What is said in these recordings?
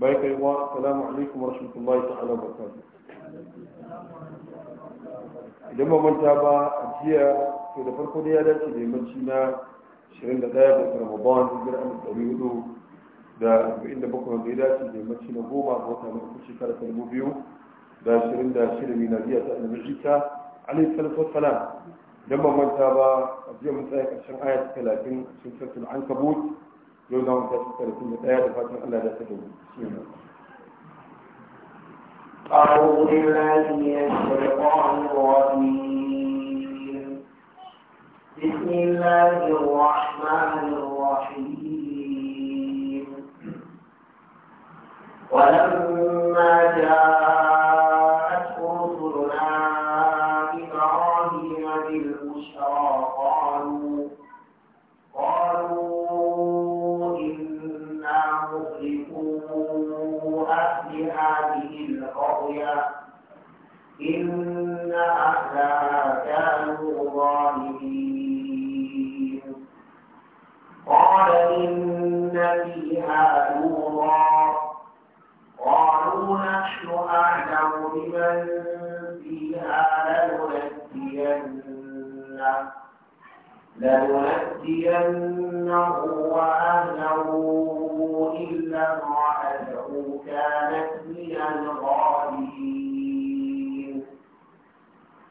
بايك أيضا السلام عليكم ورحمة الله تعالى وبركاته لما من تابع أجياء في دفر قديادة اللي منشينا شرين دقائق في رمضان في جرأة التوريود دا بإن بكرة قديادة اللي منشينا بوما بوطا من كل كالة المبيو دا شرين دا شرين من أجياء تأنا مجيكا عليه الصلاة والسلام لما من تابع أجياء من تابع أجياء من تابع أجياء من تابع أجياء من تابع yau za mu tashi karfin da ɗaya da fatan بسم الله الرحمن الرحيم ولما جاء هؤلاء كانوا ظالمين قال إن فيها نورا قالوا نحن أعلم بمن فيها لننجينه لننجينه وأهله إلا امرأته كانت من الغالبين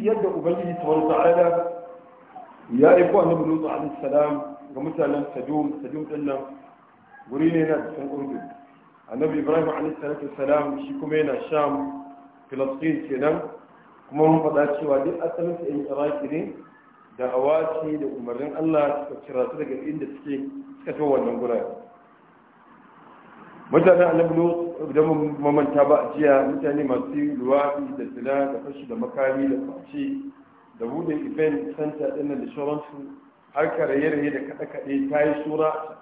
shi yadda ubangiji ta wani ta'ala ya aiko a annabi lutu alaihi salam ga mutanen sadum sadum din nan guri ne na cikin urdun annabi ibrahim alaihi salam shi kuma yana sham filastin kenan kuma mun faɗa cewa duk asalin su yin iraki ne da awaci da umarnin allah suka kira su daga inda suke suka to wannan gurare mutanen annabi lutu da mamanta ba a jiya mutane masu luwafi da zina da fashi da makami da kwace da buɗe event center ɗin da har karaye-raye da kaɗe-kaɗe ta yi shura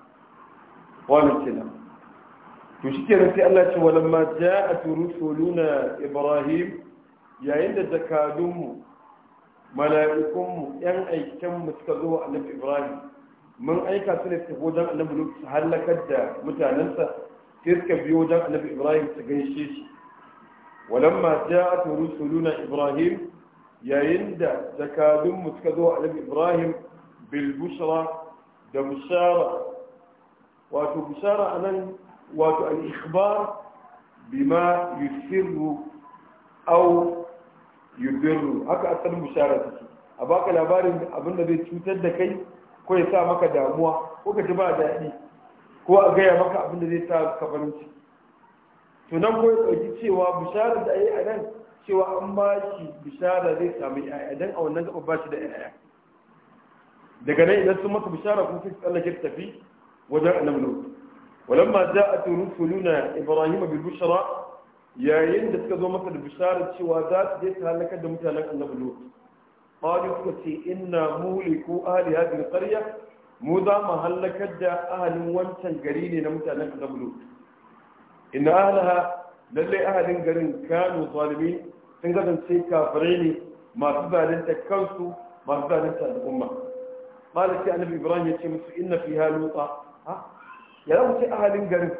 wani kenan to shi kenan sai Allah ce walamma ja a turu na ibrahim yayin da jakadunmu mala'ikunmu yan aikenmu suka zo annabi ibrahim mun aika su ne su wajen annabi su halakar da mutanensa girka biyo don annabi ibrahim ta ganshe shi walamma ta a turu suluna ibrahim yayin da jakadunmu suka zo annabi ibrahim bilbushara da bushara wato bushara a nan wato al'ikhbar bima yusiru au yubiru haka asali bushara ta ce a baka labarin abinda zai cutar da kai ko ya sa maka damuwa ko ka ji ba daɗi ko a gaya maka abin da zai sa ka farin ciki to nan ko ya ɗauki cewa bisharar da ayi a nan cewa an ba shi bishara zai samu yaya don a wannan gaba ba shi da yaya daga nan idan sun masa bishara fi tsallak tsallake tafi wajen a lut ولما جاءت رسلنا ابراهيم بالبشرى yayin da suka zo masa da bisharar cewa za su je su halakar da mutanen annabi lut qalu suka ce inna muliku ahli hadhihi alqarya mu za mu hallakar da ahalin wancan gari ne na mutanen annabi inna ahlaha lalle ahalin garin kanu zalimi sun kasance kafirai ne masu zalunta kansu masu zalunta al'umma malaki annabi ibrahim ya ce musu inna fiha luta ha ya mu ce ahalin garin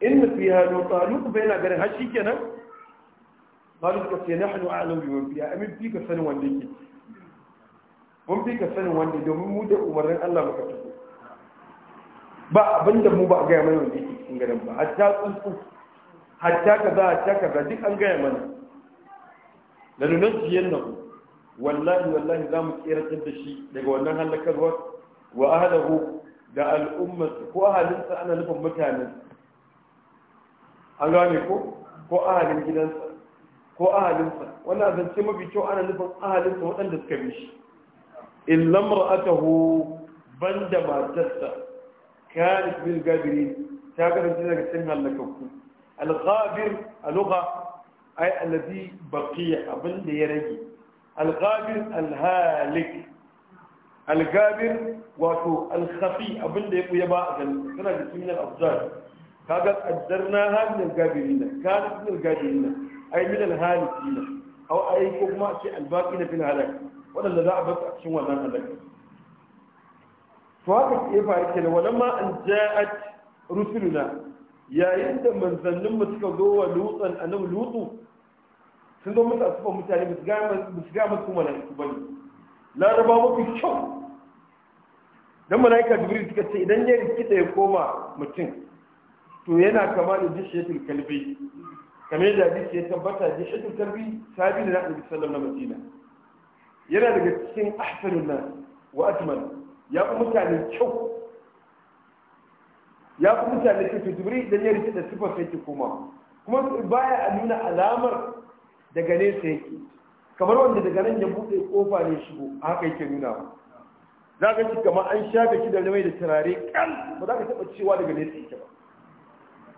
inna fiha luta lutu bai na garin har shikenan malaka ce na nahnu a'lamu bi man fiha amin fi ka sanin wanda yake mun fi ka sanin wanda domin mu da umarnin Allah muka tafi ba abinda mu ba a gaya mana wanda yake cikin garin ba hatta tsuntsu hatta za, hatta za duk an gaya mana da nunan jiyan nan wallahi wallahi za mu tseratar da shi daga wannan halakarwar wa ahalahu da al'ummar ko ahalinsa ana nufin mutanen an gane ko ko ahalin gidansa ko ahalinsa wannan zance mafi kyau ana nufin ahalinsa waɗanda suka bi shi in lamar aka hu ban da matarsa kanis bin gabiri ta kasance daga cikin halakakku alghabir a lugha ai alladhi baqiya abin da ya rage alghabir alhalik algabir wato alkhafi abin da ya buya ba a ganin suna da cikin abzar kaga addarna halin gabirina kanis bin gabirina ai min alhalikina aw ai ko kuma ce na fil halak waɗanda za a basu a cikin wannan halakar to haka ke faru wani ma an ja'at rusuluna yayin da manzannin mu suka zo wa lutsan annabi lutsu sun zo musu a asuba mutane ba su ga musu mala'iku bane laraba mafi kyau dan mala'ika jibril suka ce idan ya rikita ya koma mutum to yana kama da jishiyatul kalbi kamar yadda hadisi ya tabbata jishiyatul kalbi sabi da na annabi sallallahu na madina yana daga cikin ahsanun nan wa ajmal ya fi mutane kyau ya fi mutane kyau to jibril dan ya rike da sifar sai kuma kuma baya a nuna alamar daga ne sai yake kamar wanda daga nan ya bude kofa ne shigo haka yake nuna za ka ci kamar an shafe shi da mai da turare kan ba za ka taɓa cewa daga nesa yake ba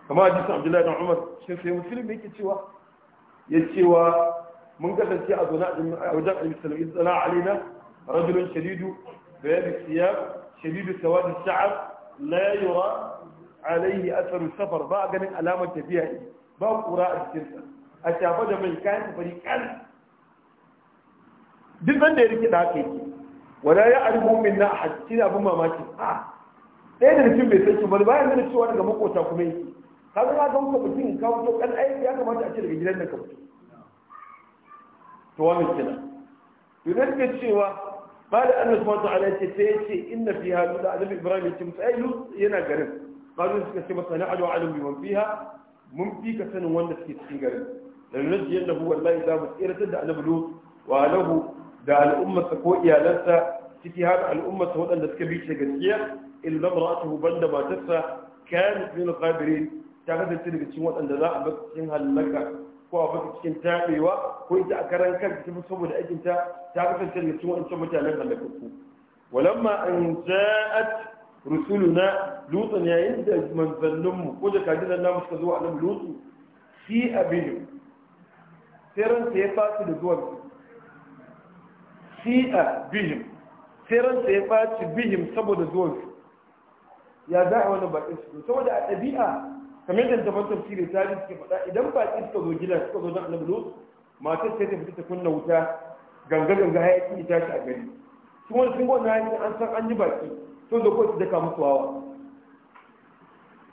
kama hadisi abdullahi dan umar shi sai musulmi yake cewa ya cewa منقسم في أبناء أوجاء المسلم إذ أنا علينا رجل شديد بياب الثياب شديد سواد الشعر لا يرى عليه أثر السفر بعد من ألامة فيها إيه؟ باب قراء الجنة أشابه من كان فريقان دل من ديرك داكي ولا يعلم مننا أحد سين أبو ما ماتي آه ɗaya da cikin bai sai ba yanzu da cewa daga makota kuma yake kaga ka ga wuta mutum ka wuto kan aiki ya kamata a ce daga gidan da ka wuto توامل كده kina idan ka قال أن سبحانه على تتيتي إن فيها لولا أدب إبراهيم يتمس أي لوط ينا قرب قالوا نسك سبا سنعد وعلم بمن فيها ممتيك سنة وانا سكي تسين قرب لأن نجي أنه هو الله إذا مسئرة تدع أدب لوط وأنه دع الأمة تقوى لسا تكي هذا الأمة هو أن تكبيك شكسية إلا امرأته بند ما تسا كانت من الغابرين تعرف السنة بتشموت أن لا أبدا تسينها لك ko a fata cikin taɓewa ko ita a karan kanta ta fi saboda aikinta ta kasance da cikin wancan mutanen halakakku walamma an ja'at rusuluna lutsan yayin da manzanninmu ko da kadinan namu suka zo a nan lutsu fi abinu sai ransa ya faci da zuwan fi a bihim sai ransa ya faci bihim saboda zuwan ya za a wani bakin su saboda a ɗabi'a kamar yadda ban tafsiri ta yi suke faɗa idan baƙi suka zo gidan suka zo don annabi lut matar sai ta fita ta kunna wuta ganga ganga hayaki ya tashi a gari sun wani sun gona hayaki an san an yi baƙi sun zo kawai su daka musu wawa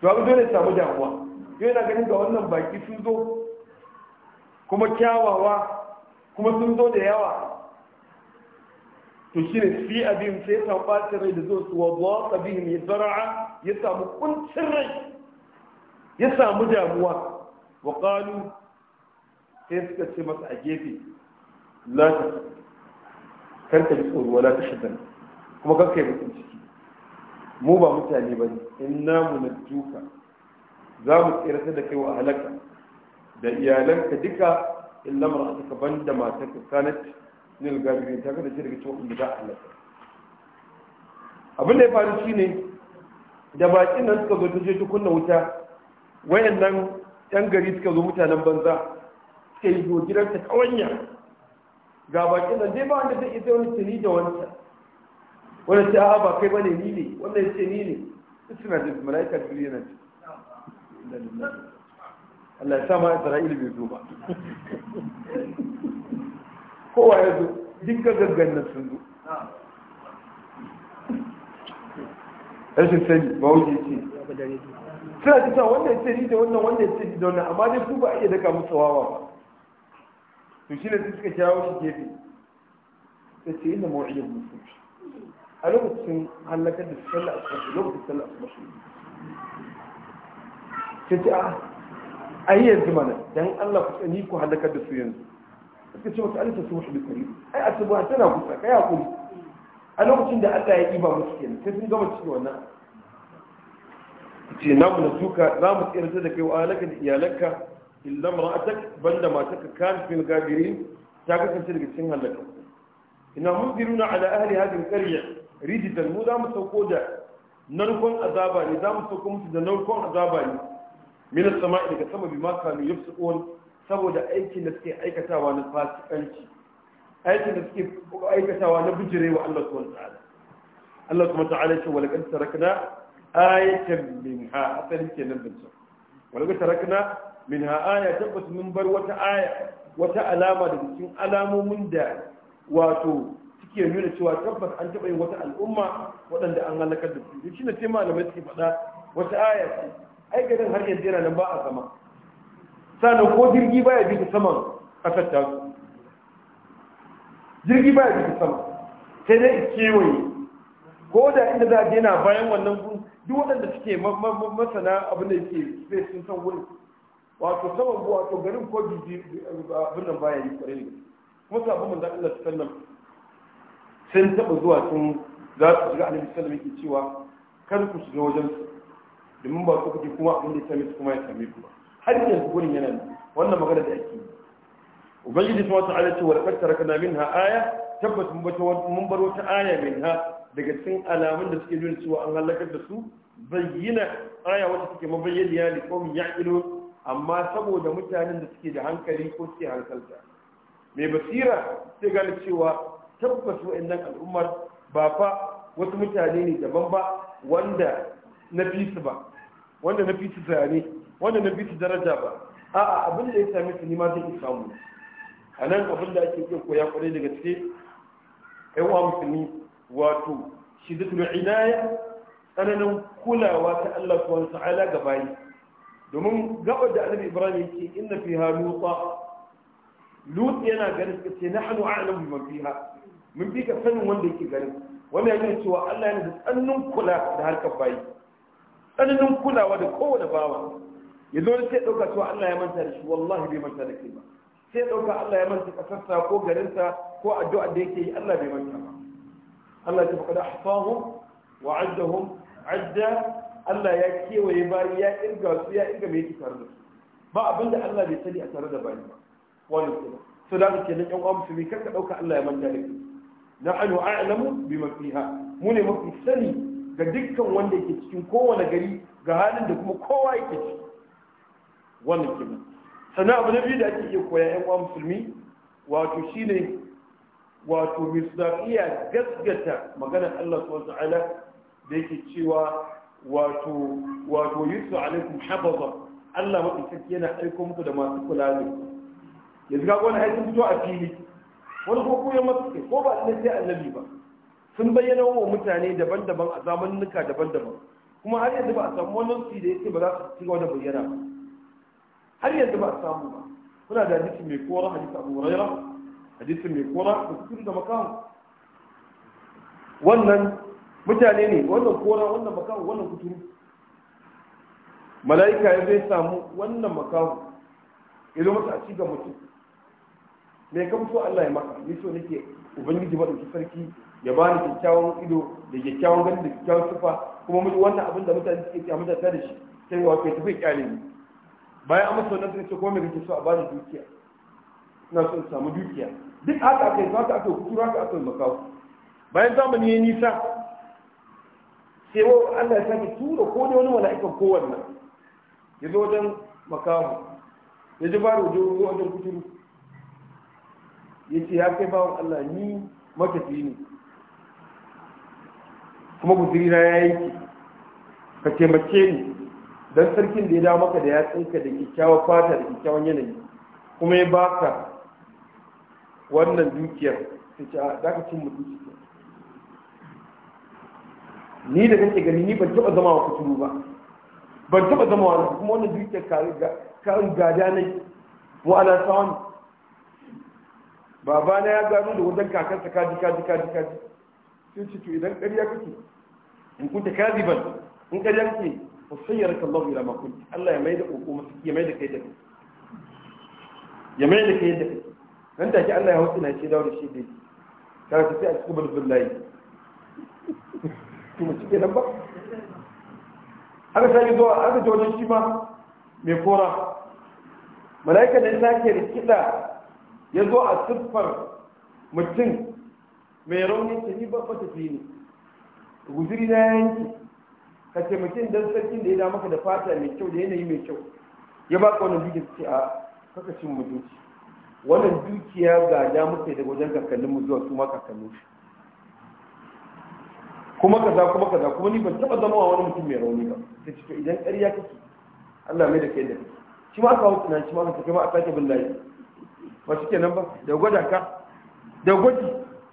to abu dole samu damuwa yau yana ganin ga wannan baƙi sun zo kuma kyawawa kuma sun zo da yawa to shi ne fi abin sai ya samu rai da zo su wa zuwa ya zara'a ya samu kuncin rai ya samu damuwa wa qalu sai suka ce masa a gefe lati ta karka ji tsoro la ta shidan kuma karka yi mutum ciki mu ba mutane ba in namu na duka. za mu tsirata da kai wa halaka da iyalanka duka in lamar a illa mar'atuka banda matarka kanat nil gajirin ta kada shi daga cikin inda za a halaka abin da ya faru shine da baƙin nan suka zo ta je ta kunna wuta Wayan nan yan gari suka zo mutanen banza suka yi go gidansa kawanya ga bakin nan dai ba wanda zai iya wani tuni da wancan wani ta ba kai ba ne ni ne wannan ce ni ne suna jin mala'ika jibril yana ji Allah ya sama Isra'ila bai zo ba kowa ya zo dukkan gaggan sun zo rashin sani ba wuce ce suna ta sa wannan ce da wannan wannan ce da wannan amma dai su ba a iya daka musu wawa ba to shi ne su suka kirawo shi gefe ta ce inda mawa'iyar musu a lokacin halakar da sallah asubashi lokacin sallah asubashi ta ce a ah, a yi yanzu mana dan Allah ku tsani ku halakar da su yanzu suka ce wata alisa su wasu bikari ai asuba tana kusa kai hakuri a lokacin da Allah ya iba musu kenan sai sun gama cikin wannan ce namu na suka za mu da kai wa alaka da iyalanka illa ra'atak banda mataka kan fil ta kasance daga cikin halaka ina munziruna ala ahli hadhihi alqarya rijidan mu za mu sauko da narkon azaba ne za mu sauko musu da narkon azaba ne min sama'i daga sama bi ma kanu yafsuqun saboda aikin da suke aikatawa na fasikanci aikin da suke aikatawa na bijirewa Allah subhanahu wa ta'ala Allah subhanahu wa ta'ala ce wa laqad tarakna ayatan minha asali kenan bincin wani ga tarakna minha aya tabbas mun bar wata aya wata alama da cikin alamomin da wato suke nuna cewa tabbas an taɓa yin wata al'umma waɗanda an halakar da su shi ne sai malamai suke faɗa wata aya ce ai garin har yanzu yana nan ba a sama sannan ko jirgi baya bi ta saman ƙasar ta jirgi baya bi ta sama sai dai kewaye ko da inda za a je na bayan wannan gudu duk waɗanda suke masana abin da yake space sun san wurin wato saman wato garin ko biji abin nan baya yi kwarai ne kuma abin manzo Allah sallam sun taɓa zuwa sun za su shiga annabi sallam yake cewa kar ku shiga wajen su domin ba su kuke kuma abin da ya same su kuma ya same ku ba har yanzu gurin yana nan wannan magana da ake yi ubangiji subhanahu wa ta'ala ce wa laqad tarakna minha aya tabbas mun bar wata aya minha daga cikin alamun da suke nuna cewa an halakar da su bayyana aya wata suke mabayyaniya li ya ya'qilun amma saboda mutanen da suke da hankali ko suke hankalta mai basira sai gane cewa tabbas wa'annan al'ummar ba fa wasu mutane ne daban ba wanda na fi su ba wanda na fi su zane wanda na fi su daraja ba a'a abin da ya same su ni ma zai samu a nan abin da ake iya koya kwarai daga cikin yan uwa musulmi wato shiddatul inaya tsananin kulawa ta Allah subhanahu ta'ala ga bayi domin gaba da annabi Ibrahim yake inna fiha luta lut yana ganin suka ce nahnu a'lamu bima fiha mun fi ka sanin wanda yake ganin wannan yana cewa Allah yana da tsananin kula da harkar bayi tsananin kulawa da kowane bawa ya zo sai dauka cewa Allah ya manta da shi wallahi bai manta da kai ba sai dauka Allah ya manta kasarsa ko garinsa ko addu'a da yake yi Allah bai manta ba Allah ta faɗa ahfahum wa addahum adda Allah ya kewaye bayi ya irga su ya inga mai yake tare da su ba abinda Allah bai sani a tare da bayi ba wani kuma so da kake nan yan uwa musulmi karka dauka Allah ya manta da kai nahnu a'lamu bima fiha mu ne mafi sani ga dukkan wanda yake cikin kowane gari ga halin da kuma kowa yake ciki wannan kenan sannan abu na biyu da ake iya koya yan uwa musulmi wato shine wato misdaqiya gaskata maganar Allah subhanahu wa ta'ala da yake cewa wato wato yusu alaikum Allah Allah madaukaki yana aiko muku da masu kula ne yanzu ga wani aikin fito a fili wani ko koyon masu ko ba sai annabi ba sun bayyana wa mutane daban-daban a nuka daban-daban kuma har yanzu ba a samu wannan su da yake ba za su ci wani bayyana ba har yanzu ba a samu ba kuna da hadisi mai kowar hadisi abu hurairah hadisi mai kora ba su da makamu wannan mutane ne wannan kora wannan makamu wannan kuturu mala'ika ya zai samu wannan makamu ya zama masa a ci ga mutum me ka fito Allah ya maka ni so nake ubangiji madauki sarki ya bani kyakkyawan ido da kyakkyawan gani da kyakkyawan sufa kuma mutu wannan abin da mutane suke kiyama da da shi sai wa kai tafi kyale ni bayan an masa wannan sai ce ko me kake so a bani dukiya ina so in samu dukiya duk haka ake yi haka aka kuturu haka aka makawo bayan zamani ya nisa sai Allah ya sami tura ko ne wani mala'ikan kowanne ya zo wajen makawo ya ji baro wajen wajen kuturu ya ce ya kai bawon Allah ni matafi ne kuma guzuri na ya yi ka taimake ni don sarkin da ya dawo maka da ya tsinka da kyakkyawar fata da kyakkyawan yanayi kuma ya baka wannan dukiyar sai ce za ka cin ciki ni da kake gani ni ban taba zama wa kuturu ba ban taba zama wa kuma wannan dukiyar karin gada ne mu ana samu babana ya gano da wajen kakansa kaji kaji kaji kaji sai ce to idan ƙarya kake in kunta kaziban in ƙarya kake fasayyar kallahu ila ma Allah ya mai da ya mai da kai da kai ya mai da kai da kai nan ke Allah ya hausa na ce dawo da shi bai ta ta sai a cikin bulbul layi to mu cike nan ba aka sake zuwa aka ji wajen shi ma mai kora mala'ika da ta ke rikida ya zo a siffar mutum mai rauni ta ni babba ta fi ne guziri na yanki ka ce mutum don sarkin da ya da maka da fata mai kyau da yanayi mai kyau ya ba ka wani bikin ce a kakashin mutunci wannan dukiya gada muke da wajen kakanninmu zuwa su ma shi kuma kaza kuma kaza kuma ni ban taba zama wani mutum mai rauni ba sai ci to idan ƙarya kake Allah mai da kai da kake shi ma aka hau na shi ma aka kai ma a sake bin layi ba shi kenan ba da gwada ka da gwaji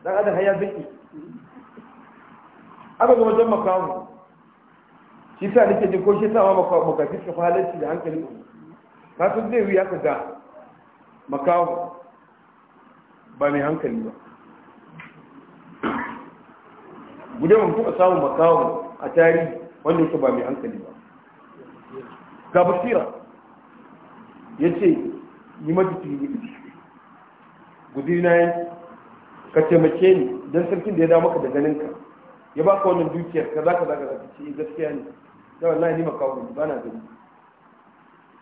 dan adam haya zaki aka ga wajen makamu shi sa nake jin ko shi sa ma makafi suka halarci da hankali ka san zai wuya ka ga makaho ba mai hankali ba mun kuka samu makaho a tarihi wanda yake ba mai hankali ba ga basira ya ce yi majifi ne gudu na yi ka taimake ni don sarkin da ya dawo maka da ganinka ya ba ka wannan dukiyar ka za ka za ka za ka ce eh, gaskiya ne da wallahi ni makawo ba na gani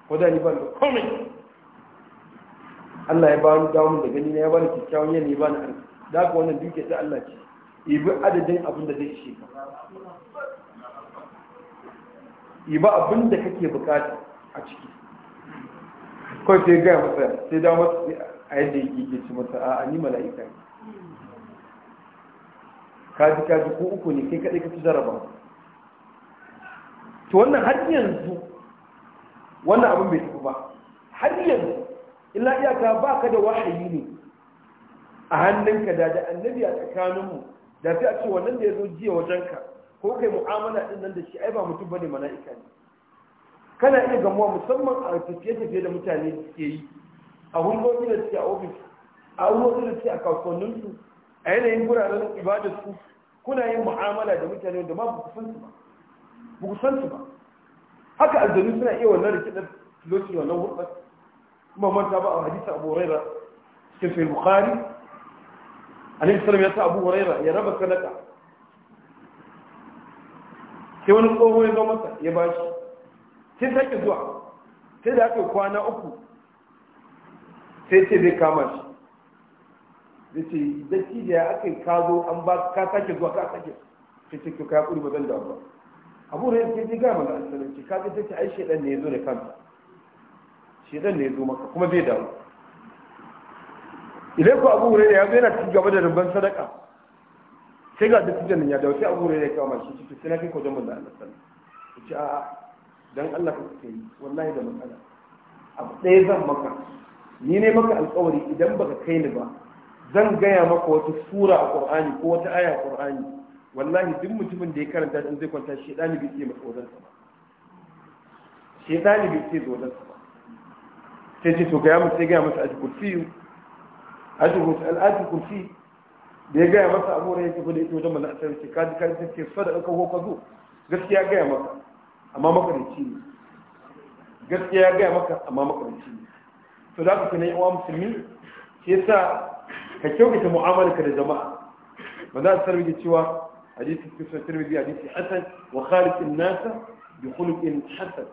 ko da ni ba ko komai Allah ya bani dawo da gani ya bani kyakkyawan yanayi ba na arziki da haka wannan duke ta Allah ce ibi adadin abin da zai ishe ibi abin da kake bukata a ciki kawai sai gaya masa sai dawo masa a yadda yake ke ci masa a ni mala'ika ne kaji kaji ko uku ne kai kaɗai ka ci jaraba to wannan har yanzu wannan abin bai tafi ba har yanzu illa iyaka ba ka da wahayi ne a hannunka da da annabi a tsakaninmu da sai a ce wannan da ya zo jiya wajenka ko kai mu'amala din nan da shi ai ba mutum bane mala'ika ne kana iya gamuwa musamman a tafiye-tafiye da mutane suke yi a hulɗoɗi da suke a ofis a hulɗoɗi da suke a su, a yanayin guraren su, kuna yin mu'amala da mutane da ma ba ku san su ba ba ku san su ba haka aljanu suna iya wannan rikidar lokacin wannan hulɗar Kuma manta ba a hadisa abu raira cikin fil bukari alaihi salam ya ta abu raira ya raba sadaka sai wani tsoho ya zo masa ya ba shi sai sake zuwa sai da aka kwana uku sai ce zai kama shi da ce da ya aka ka zo an ba ka sake zuwa ka sake sai ce ka ya kuri ba zan da ba abu raira sai ya gama da asalanci ka ga ta ce ai shaidan ne ya zo da kanta shedan ne ya zo maka kuma zai dawo idan ku abu hurairah ya zo yana cikin gaba da rubban sadaka sai ga duk nan ya dawo sai abu hurairah ya kawo mashi ciki sai na kai ko zaman da Allah sallallahu alaihi wasallam a'a dan Allah ka kike yi wallahi da matsala abu ɗaya zan maka ni ne maka alƙawari idan baka kai ni ba zan gaya maka wata sura a Qur'ani ko wata aya a Qur'ani wallahi duk mutumin da ya karanta din zai kwanta shedani bai ce masa wajen ba shedani bai ce wajen ba sai ce to gaya musu ya gaya musu ajiyar kursi ajiyar kursi al'ajiyar kursi da ya gaya masa abu ya tafi da ita wajen mana asar ce kaji kaji ce sada ɗauka ko ka zo gaskiya gaya maka amma makaranci ne gaskiya gaya maka amma makaranci ne to za ku fi nan musulmi ke sa ka kyautata mu'amalarka da jama'a ba za a sarrafa cewa hadisi kusa tirmidhi hadisi hasan wa khaliqin nasa bi khuluqin hasan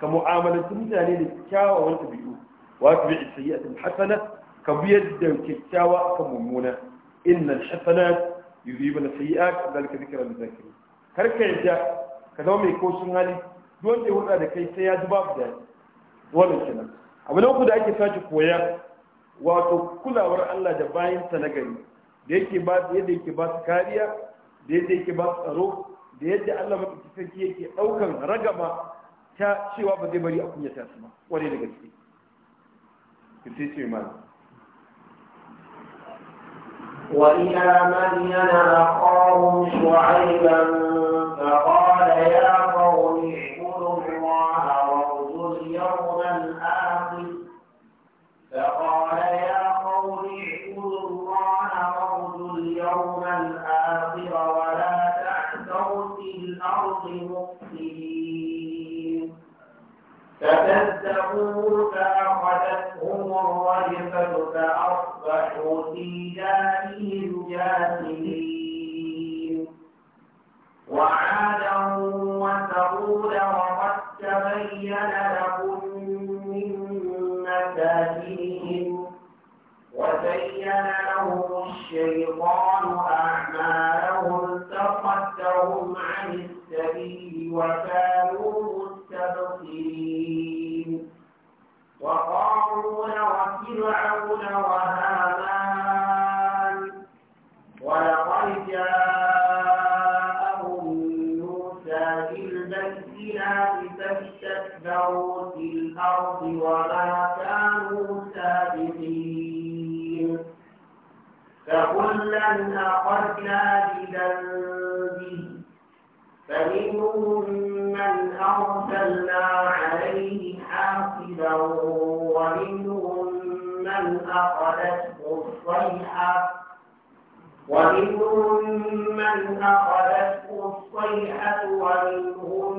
ka mu'amalanci mutane da kyawawan ɗabi'u wa ta bi sayyi'atin hasana ka biyar da kyakkyawa akan mummuna innal hasanat na sayyi'at zalika dhikra lil zakirin kar ka yadda ka zama mai koshin hali don da hulɗa da kai sai ya ji babu da wannan kenan abu na uku da ake sace koya wato kulawar Allah da bayansa na gari da yake ba yadda yake ba su kariya da yadda yake ba su tsaro da yadda Allah mafi sarki yake ɗaukan ragama ta cewa ba zai bari a kunyata su ba kwarai da gaske ki sai mana وإلى مدين أخاهم شعيبا فقال يا كفروا فأخذتهم الرجفة فأصبحوا في دارهم جاثمين وعادا وثمود وقد تبين لكم من مساكنهم وزين لهم الشيطان أعمالهم فصدهم عن السبيل وكان أخذنا بذنبه فمنهم من أرسلنا عليه حافظا ومنهم من أخذته الصيحة ومنهم من أخذته الصيحة ومنهم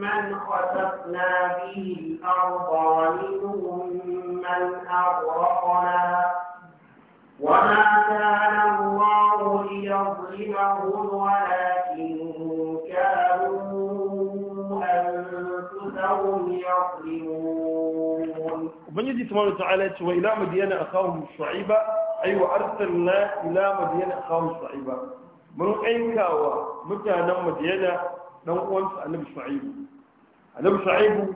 من خسفنا به الأرض ومنهم من أغرقنا وما كان غيرهم ولكن كانوا أنفسهم يظلمون وبنجي سبحانه وتعالى وإلى مدين أخاهم شعيبا أي وأرسلنا إلى مدين أخاهم شعيبا من أينك ومتانا مدين dan uwansa annabi shu'aibu annabi shu'aibu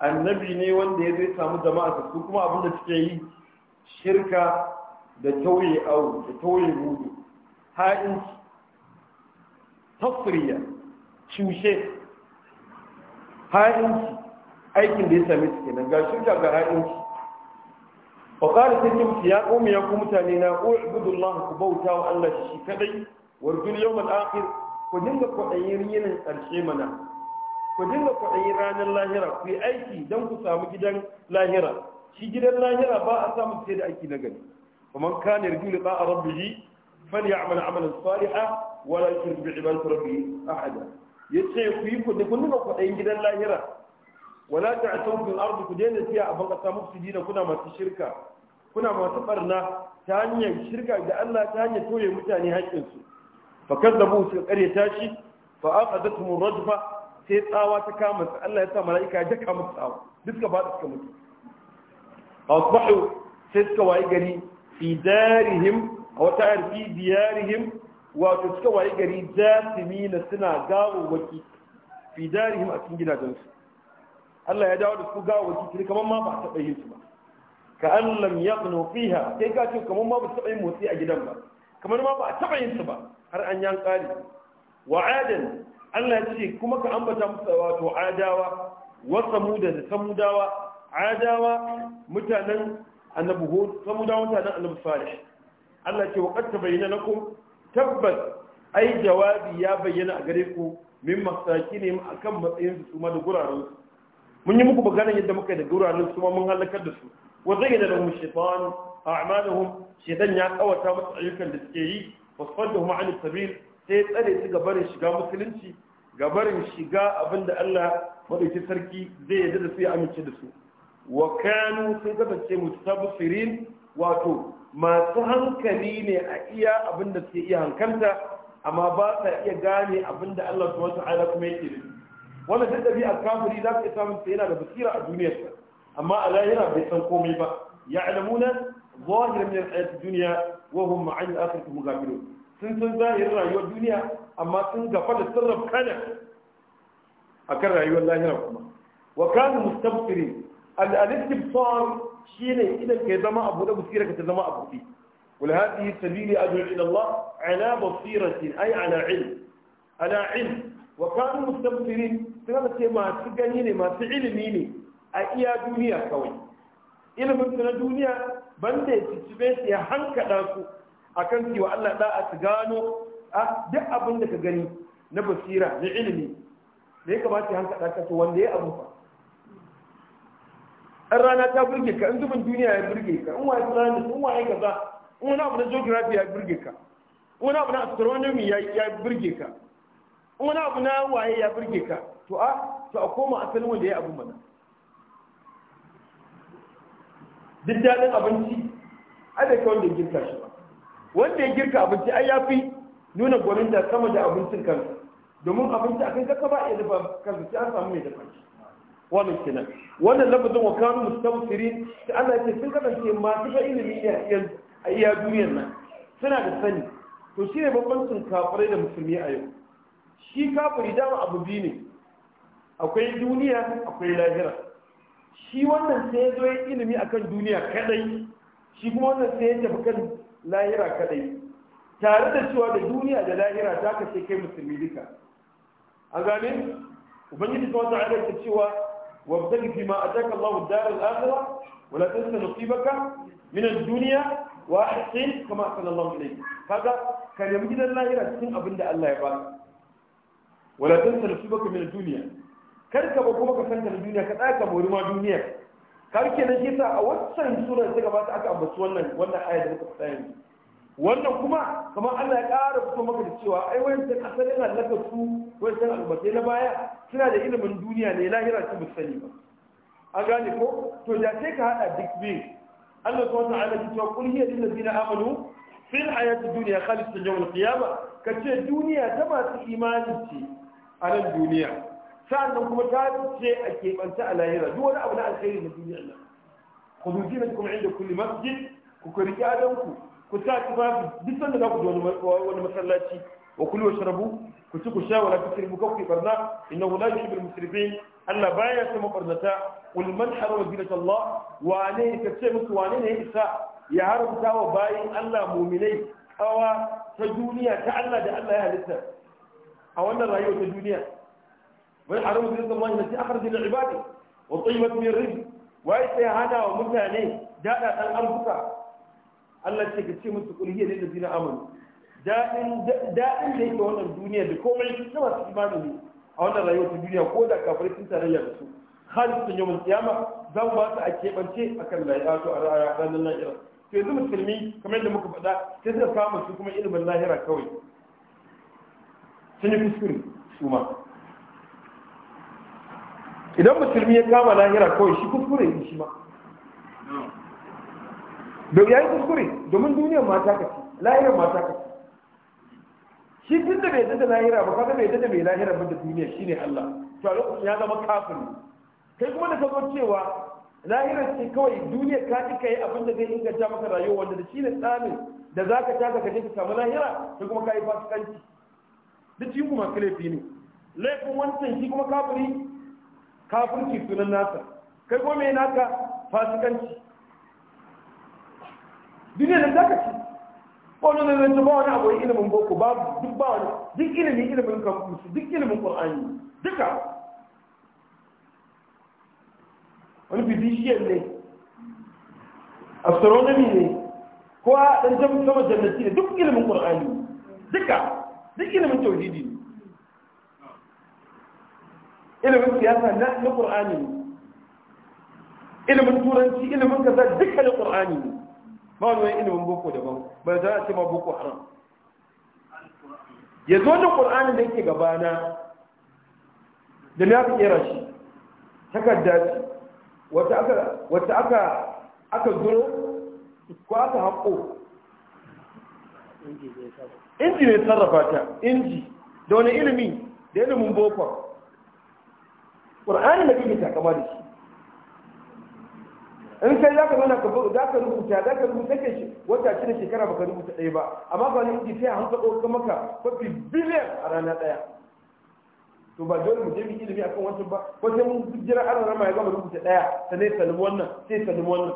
annabi ne wanda ya zai samu jama'a su kuma abin da suke yi shirka da tauye awu da tauye mudu ha'inci tasiriya cushe ha'inci aikin da ya sami su kenan ga shirka ga ha'inci wa ƙara sai kimci ya ƙomi ya ku mutane na ubudullah ku bauta wa Allah shi shi kadai warjul yawmal akhir ku dinga kwaɗayin yinin ƙarshe mana ku dinga kwaɗayin ranar lahira ku yi aiki don ku samu gidan lahira shi gidan lahira ba a samu sai da aiki na gari kuma kan yarju liqa rabbihi falyamal amalan salihan wala yushrik bi ibadati rabbihi ahada ce ku yi kudi kun nuna kudayin gidan lahira wala ta'tau bil ardi ku daina siya a banka mufsidina kuna masu shirka kuna masu barna ta hanyar shirka da Allah ta hanyar toye mutane haƙƙinsu fa kazzabu su ƙaryata shi fa aqadatum rajfa sai tsawa ta kama su Allah ya sa mala'ika ya jaka musu tsawa duk suka faɗi suka mutu A asbahu sai suka wayi gari fi darihim a wata arfi diyarihim wato suka waye gari jasimina suna gawo waki fi darihim a cikin gidajensu Allah ya dawo da su gawawaki kiri kamar ma ba a taɓa yin su ba ka an lam yaqnu fiha sai ka ce kamar ma ba taɓa yin motsi a gidan ba kamar ma ba a taɓa yin su ba har an yan kare wa adan Allah ya ce kuma ka ambata musu wato adawa wa samuda da samudawa adawa mutanen annabi hud samudawa mutanen annabi salih Allah ya ce wa qad tabayyana lakum tabbas ai jawabi ya bayyana a gare ku min masaki ne akan matsayin su ma da gurare su mun yi muku magana yadda muka yi da gurare su ma mun halakar da su wa zayyana lahum shaytan a'maluhum shaytan ya kawata musu ayyukan da suke yi fasfadahum an sabil sai tsare su ga barin shiga musulunci ga barin shiga abinda Allah madauki sarki zai yarda da su ya amince da su wa kanu sun kasance mutabsirin wato masu hankali ne a iya abin da suke iya hankalta amma ba sa iya gane abin da Allah subhanahu wataala kuma yake da wannan duk dabi'a kafiri za ka samu sai yana da basira a duniyar duniyarsa amma a lahira bai san komai ba Ya ya'lamuna zahiran min al-hayat ad-dunya wa hum 'an al-akhirati mughafilun sun san zahirin rayuwar duniya amma sun gafa da sirrin kana akan rayuwar lahira kuma wa kanu mustabsirin al-istibsar ne idan ka zama abu da basira ka ta zama abu bi wal hadhihi sabili ad'u ila Allah ala basiratin ay ala ilm ala ilm wa kanu mustabsirin sai ce masu gani ne masu ilimi ne a iya duniya kawai ilimin na duniya banda ya cicibe su ya hankada su a kan cewa Allah da'a su gano a duk abin da ka gani na basira na ilimi da ya kamata ya hankada ka to wanda ya abu fa in rana ta burge ka in zubin duniya ya burge ka in wa islamic in wa kaza in wani abu na geography ya burge ka in wani abu na astronomy ya burge ka in wani abu na waye ya burge ka to a to a koma asalin wanda ya abu mana duk daɗin abinci ai da wanda girka shi ba wanda ya girka abinci ai ya fi nuna gwaninta sama da abincin kansa domin abinci a kan kasa ba iya dafa kansa sai an samu mai dafa shi wannan kenan wannan lafazin wa kanu mustawfirin ta Allah ce sun kasance masu ga ilimi ne a iya duniyar nan suna da sani to shi ne bambancin kafirai da musulmi a yau shi kafiri dama abu biyu ne akwai duniya akwai lahira shi wannan sai ya zo ya ilimi akan duniya kadai shi kuma wannan sai ya tafi kan lahira kadai tare da cewa da duniya da lahira ta ka kai musulmi duka a gane ubangiji ta wata ta cewa وابتغ فيما أتاك الله الدار الآخرة ولا تنس نصيبك من الدنيا وأحسن كما أحسن الله إليك هذا كان يمجد الله إلى سن أبن الله يبارك ولا تنس نصيبك من الدنيا كرك بكم كفن الدنيا كذاك بورما دنيا كرك نجيسا أوسن سورة تكبات أكا أبسوانا وانا آية تكبتين wannan kuma kamar Allah ya ƙara fito maka da cewa ai asali yana halakar su wayancan albatai na baya suna da ilimin duniya ne lahira su ba sani ba A gane ko to da sai ka hada duk biyu Allah ta wata ala cewa kul hiya lil ladina amanu fil hayati dunya khalisun yawm al ka kace duniya ta masu imani ce a nan duniya sa'annan kuma ta ce a keɓanta a lahira duk wani abu na alkhairi na duniya Allah khudhu kuma inda kulli masjid ku karki adanku ku sa tufafi duk sanda za ku je wani masallaci wa kulu washrabu ku ci ku sha wala tusrifu kawfi barna innahu la yuhibbul musrifin Allah baya son mabarnata qul man harama zinata Allah wa ne ka ce musu wane ne isa ya haramta wa bayin Allah mu'minai hawa ta duniya ta Allah da Allah ya halitta a wannan rayuwa ta duniya man harama zinata Allah allati akhraja lil ibadi wa tayyibat min rizq wa ya hana wa mutane dada dan arzuka Allah ce ka ce musu kulhiyar da zina amanu da'in da yake wannan duniya da komai na masu imanin ne a wannan rayuwar ta duniya ko da kafirai sun tare da su har sun yi mulkiyama za mu ba su a keɓance a kan lahira a ranar lahira to yanzu musulmi kamar yadda muka faɗa sai suka kama su kuma ilimin lahira kawai sun yi kuskure su ma idan musulmi ya kama lahira kawai shi kuskure ne shi ma da ya kuskure domin duniya mata ka ci lahirar mata ka ci shi tun da bai da lahira ba kaga bai da bai lahira ba da duniya shine Allah to a lokacin ya zama kafin kai kuma da ka zo cewa lahirar ce kawai duniya ka ci kai abin da zai inganta maka rayuwa wanda da shi ne tsamin da za ka taka ka je ka samu lahira sai kuma ka yi fasikanci duk shi kuma kalefi ne laifin wancan shi kuma kafiri kafirci sunan nasa kai kuma mai naka fasikanci duniya da zaka ci wani da zai ba wani abu ilimin boko ba duk ba wani duk ilimin ilimin kamfusu duk ilimin qur'ani duka wani physician ne astronomy ne ko a dan jami'in sama jannati ne duk ilimin qur'ani duka duk ilimin tauhidi ilimin siyasa na qur'ani ilimin turanci ilimin kaza duka na qur'ani ne ba wani wani ilimin boko daban ba za a ce ma boko haram ya zo da ƙur'ani da yake gabana da na kera shi takarda ce wata aka aka zuro ko aka haƙo inji ne sarrafa ta inji da wani ilimi da ilimin boko ƙur'ani da yake takama da shi in kai za ka zauna za ka rubuta za ka rubuta ke shi wata shi da shekara baka rubuta ɗaya ba amma ba ne sai a hankali ɗauka maka kwafi biliyan a rana ɗaya to ba dole mu je mu ilimi akan wancan ba ko sai mun jira an rama ya gama rubuta ɗaya ne sanin wannan sai sanin wannan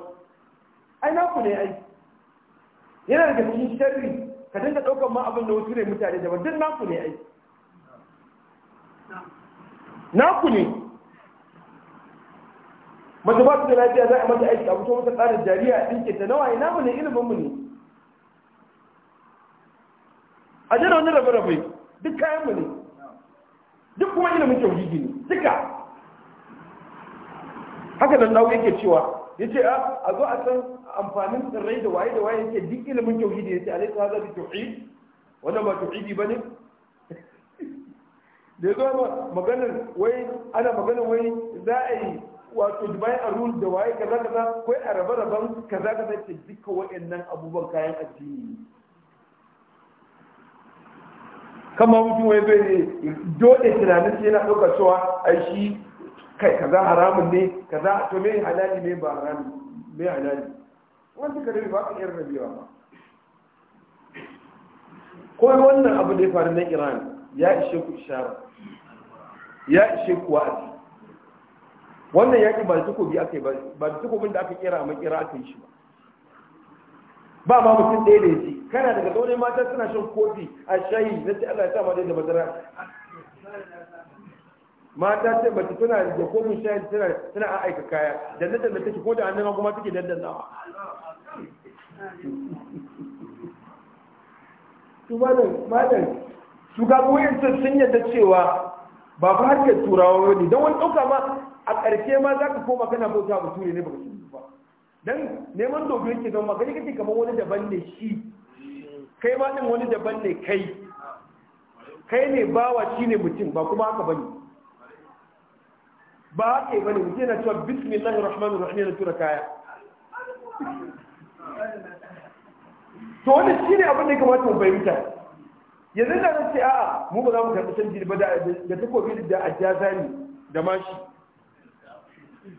ai ku ne ai yana daga cikin sharri ka dinga ɗaukar ma abin da wasu ne mutane daban duk ku ne ai ku ne mace ba su da lafiya za a mata aiki a fito mata tsarin jariya a ɗinke ta nawa ina mu ne ilimin mu ne a jira wani rabe-rabe duk kayan mu ne duk kuma ilimin tauhidi ne duka haka nan nawo yake cewa ya a ah, a zo a san amfanin tsirrai da waye da waye yake duk ilimin ya ce a laifin hada bi tauhid wannan ba ba ne da yazo maganar wai ana maganar wai za a yi wato dubai a rule da waye kaza kaza ko a raba raban kaza kaza ce duka wayannan abubuwan kayan addini kamar mutum wai bai dole tunanin sai yana ɗauka cewa ai shi kai kaza haramun ne kaza to me halali ne ba haramun me halali wanda ka rabi ba ka irin rabewa ba ko wannan abu da ya faru na iran ya ishe ku ishara ya ishe ku wa'azi wannan yaƙi ba da takobi aka yi ba da takobin da aka kera a makera aka yi shi ba ba ma mutum ɗaya da yake kana daga zaune mata suna shan kofi a shayi na ce Allah ya sa mata da madara mata ce mace tuna da komin shayi tana tana a aika kaya danne ta take ko da annama kuma take dandannawa to malam malam su ga sun yadda cewa ba fa harkar turawa wani don wani ɗauka ma a ƙarshe ma za ka koma kana bauta ba ture ne baka shirya ba Don neman dogon ke zama kai kake kamar wani daban ne shi kai ma ɗin wani daban ne kai kai ne bawa shi ne mutum ba kuma haka bane ba haka yi bane mutum yana cewa bismillahir rahmanir rahim yana tura kaya to shi ne abin da ya kamata mu bayyana yanzu da zan ce a'a mu ba za mu karɓi canji ba da takobi da ajazani da mashi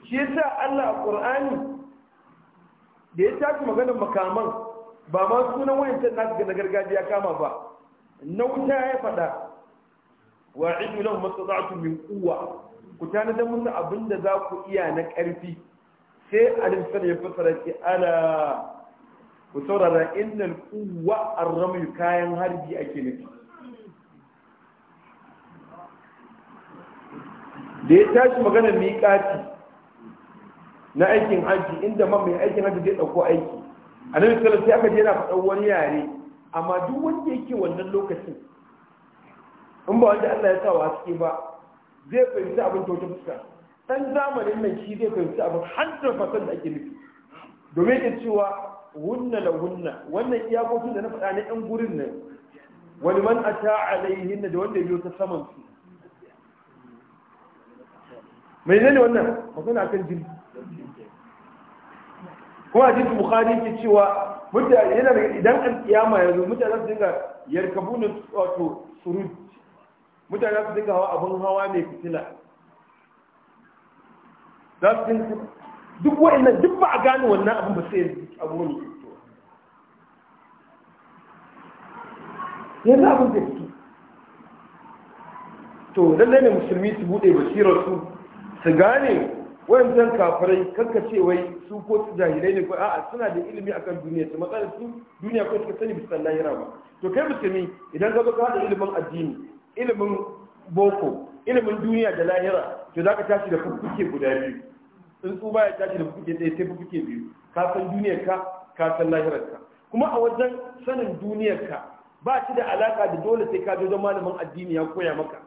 shi yasa Allah a Qur'ani da ya tashi maganar makaman ba ma sunan wayancan nasu ga na gargajiya kama ba na wuta ya faɗa wa idu lahum mastata'tu min quwwa ku tanadar musu abin da za ku iya na ƙarfi sai alim sana ya fassara ce ala ku saurara innal quwwa ar-ramy kayan harbi ake nufi da ya tashi maganar miƙati na aikin hajji inda man mai aikin hajji zai ɗauko aiki A nan sai aka je yana faɗan wani yare amma duk wanda yake wannan lokacin in ba wanda Allah ya sa wa ciki ba zai fahimci abin ta wata fuska dan zamanin nan shi zai fahimci abin hundred percent da ake nufi domin yake cewa hunna la hunna wannan iyakokin da na faɗa na ɗan gurin nan wani man a ta alaihin da wanda biyo ta saman su mai ne wannan magana kan jirgi kuma a jikin bukari ke cewa mutane yana da idan an kiyama ya zo mutane su dinga yarkabu na wato surut mutane su dinga hawa abin hawa mai fitila za su dinga duk wa'annan duk ba a gane wannan abin ba sai abu ne yanzu abin da fito to lallai ne musulmi su bude basirar su su gane wayancan kafirai kanka ce wai su ko su jahilai ne ko a'a suna da ilimi akan duniya su matsalar su duniya ko suka sani bisan lahira ba to kai musulmi idan ka zo ka ilimin addini ilimin boko ilimin duniya da lahira to za ka tashi da fukuke guda biyu su baya tashi da fukuke ɗaya sai fukuke biyu ka san duniyar ka ka san lahirar ka kuma a wajen sanin duniyar ka ba shi da alaka da dole sai ka je wajen malamin addini ya koya maka